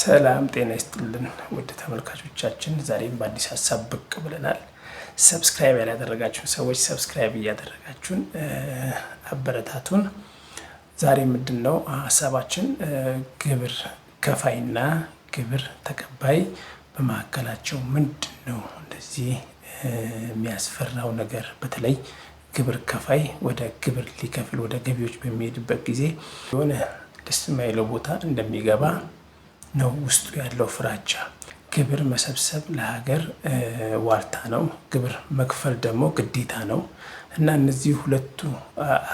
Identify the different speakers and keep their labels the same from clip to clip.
Speaker 1: ሰላም ጤና ይስጥልን ውድ ተመልካቾቻችን፣ ዛሬም በአዲስ ሀሳብ ብቅ ብለናል። ሰብስክራይብ ያላደረጋችሁን ሰዎች ሰብስክራይብ እያደረጋችሁን አበረታቱን። ዛሬ ምንድን ነው ሀሳባችን? ግብር ከፋይና ግብር ተቀባይ በመካከላቸው ምንድን ነው እንደዚህ የሚያስፈራው ነገር? በተለይ ግብር ከፋይ ወደ ግብር ሊከፍል ወደ ገቢዎች በሚሄድበት ጊዜ የሆነ ደስ የማይለው ቦታ እንደሚገባ ነው ውስጡ ያለው ፍራቻ። ግብር መሰብሰብ ለሀገር ዋልታ ነው፣ ግብር መክፈል ደግሞ ግዴታ ነው እና እነዚህ ሁለቱ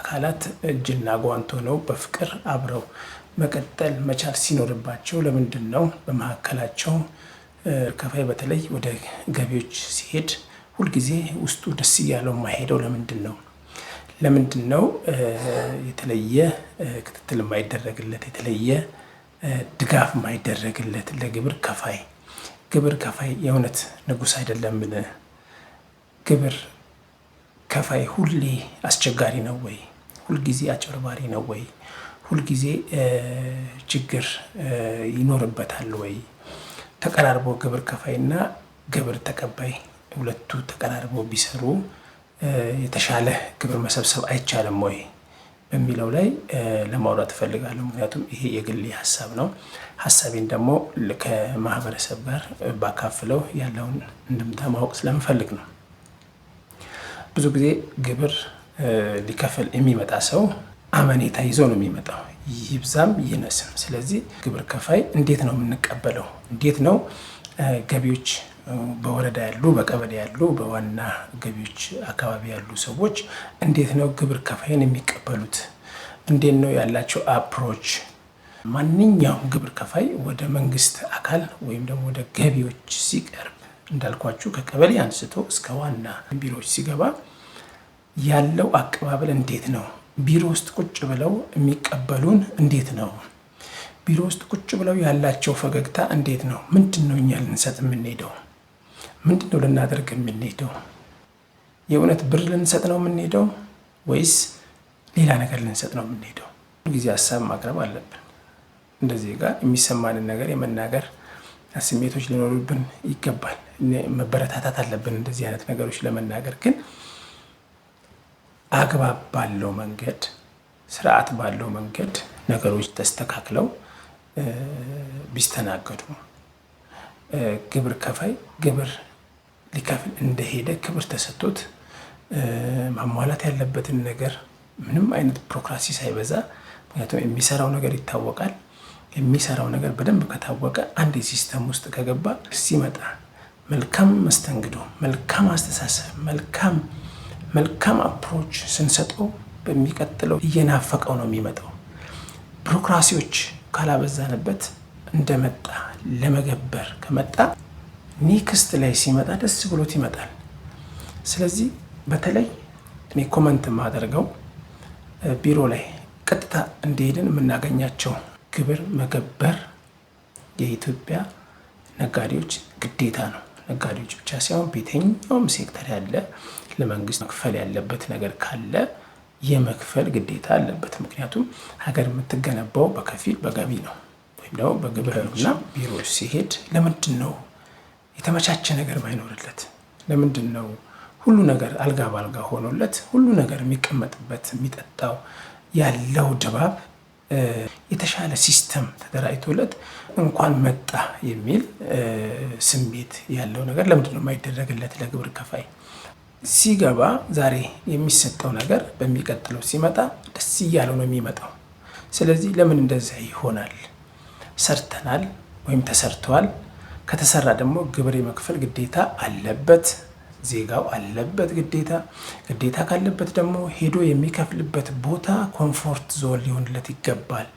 Speaker 1: አካላት እጅና ጓንት ሆነው በፍቅር አብረው መቀጠል መቻል ሲኖርባቸው ለምንድን ነው በመካከላቸው ከፋይ በተለይ ወደ ገቢዎች ሲሄድ ሁልጊዜ ውስጡ ደስ እያለው ማሄደው ለምንድን ነው? ለምንድን ነው የተለየ ክትትል የማይደረግለት የተለየ ድጋፍ ማይደረግለት ለግብር ከፋይ ግብር ከፋይ የእውነት ንጉስ አይደለም? ግብር ከፋይ ሁሌ አስቸጋሪ ነው ወይ? ሁልጊዜ አጭበርባሪ ነው ወይ? ሁልጊዜ ችግር ይኖርበታል ወይ? ተቀራርቦ ግብር ከፋይ እና ግብር ተቀባይ ሁለቱ ተቀራርቦ ቢሰሩ የተሻለ ግብር መሰብሰብ አይቻልም ወይ? በሚለው ላይ ለማውራት እፈልጋለሁ። ምክንያቱም ይሄ የግል ሀሳብ ነው። ሀሳቤን ደግሞ ከማህበረሰብ ጋር ባካፍለው ያለውን እንድምታ ማወቅ ስለምፈልግ ነው። ብዙ ጊዜ ግብር ሊከፍል የሚመጣ ሰው አመኔታ ይዞ ነው የሚመጣው፣ ይብዛም ይነስም። ስለዚህ ግብር ከፋይ እንዴት ነው የምንቀበለው? እንዴት ነው ገቢዎች በወረዳ ያሉ በቀበሌ ያሉ በዋና ገቢዎች አካባቢ ያሉ ሰዎች እንዴት ነው ግብር ከፋይን የሚቀበሉት? እንዴት ነው ያላቸው አፕሮች? ማንኛውም ግብር ከፋይ ወደ መንግስት አካል ወይም ደግሞ ወደ ገቢዎች ሲቀርብ እንዳልኳችሁ ከቀበሌ አንስቶ እስከ ዋና ቢሮዎች ሲገባ ያለው አቀባበል እንዴት ነው? ቢሮ ውስጥ ቁጭ ብለው የሚቀበሉን እንዴት ነው? ቢሮ ውስጥ ቁጭ ብለው ያላቸው ፈገግታ እንዴት ነው? ምንድን ነው እኛ ልንሰጥ የምንሄደው? ምንድን ነው ልናደርግ የምንሄደው? የእውነት ብር ልንሰጥ ነው የምንሄደው ወይስ ሌላ ነገር ልንሰጥ ነው የምንሄደው? ጊዜ ሀሳብ ማቅረብ አለብን። እንደዚህ ጋር የሚሰማንን ነገር የመናገር ስሜቶች ሊኖሩብን ይገባል። መበረታታት አለብን። እንደዚህ አይነት ነገሮች ለመናገር ግን አግባብ ባለው መንገድ፣ ስርዓት ባለው መንገድ ነገሮች ተስተካክለው ቢስተናገዱ ግብር ከፋይ ግብር ሊከፍል እንደሄደ ክብር ተሰጥቶት ማሟላት ያለበትን ነገር ምንም አይነት ብሮክራሲ ሳይበዛ፣ ምክንያቱም የሚሰራው ነገር ይታወቃል። የሚሰራው ነገር በደንብ ከታወቀ አንድ የሲስተም ውስጥ ከገባ ሲመጣ መልካም መስተንግዶ፣ መልካም አስተሳሰብ፣ መልካም መልካም አፕሮች ስንሰጠው በሚቀጥለው እየናፈቀው ነው የሚመጣው። ቢሮክራሲዎች ካላበዛንበት እንደመጣ ለመገበር ከመጣ ኔክስት ላይ ሲመጣ ደስ ብሎት ይመጣል። ስለዚህ በተለይ እኔ ኮመንት የማደርገው ቢሮ ላይ ቀጥታ እንደሄድን የምናገኛቸው ግብር መገበር የኢትዮጵያ ነጋዴዎች ግዴታ ነው። ነጋዴዎች ብቻ ሳይሆን በየትኛውም ሴክተር ያለ ለመንግስት መክፈል ያለበት ነገር ካለ የመክፈል ግዴታ አለበት። ምክንያቱም ሀገር የምትገነባው በከፊል በገቢ ነው ወይም ደግሞ በግብርና ቢሮ ሲሄድ ለምንድን ነው የተመቻቸ ነገር ባይኖርለት ለምንድን ነው ሁሉ ነገር አልጋ ባልጋ ሆኖለት ሁሉ ነገር የሚቀመጥበት የሚጠጣው ያለው ድባብ የተሻለ ሲስተም ተደራጅቶለት እንኳን መጣ የሚል ስሜት ያለው ነገር ለምንድን ነው የማይደረግለት? ለግብር ከፋይ ሲገባ ዛሬ የሚሰጠው ነገር በሚቀጥለው ሲመጣ ደስ እያለው ነው የሚመጣው። ስለዚህ ለምን እንደዚያ ይሆናል? ሰርተናል ወይም ተሰርተዋል ከተሰራ ደግሞ ግብር የመክፈል ግዴታ አለበት። ዜጋው አለበት ግዴታ። ግዴታ ካለበት ደግሞ ሄዶ የሚከፍልበት ቦታ ኮምፎርት ዞን ሊሆንለት ይገባል።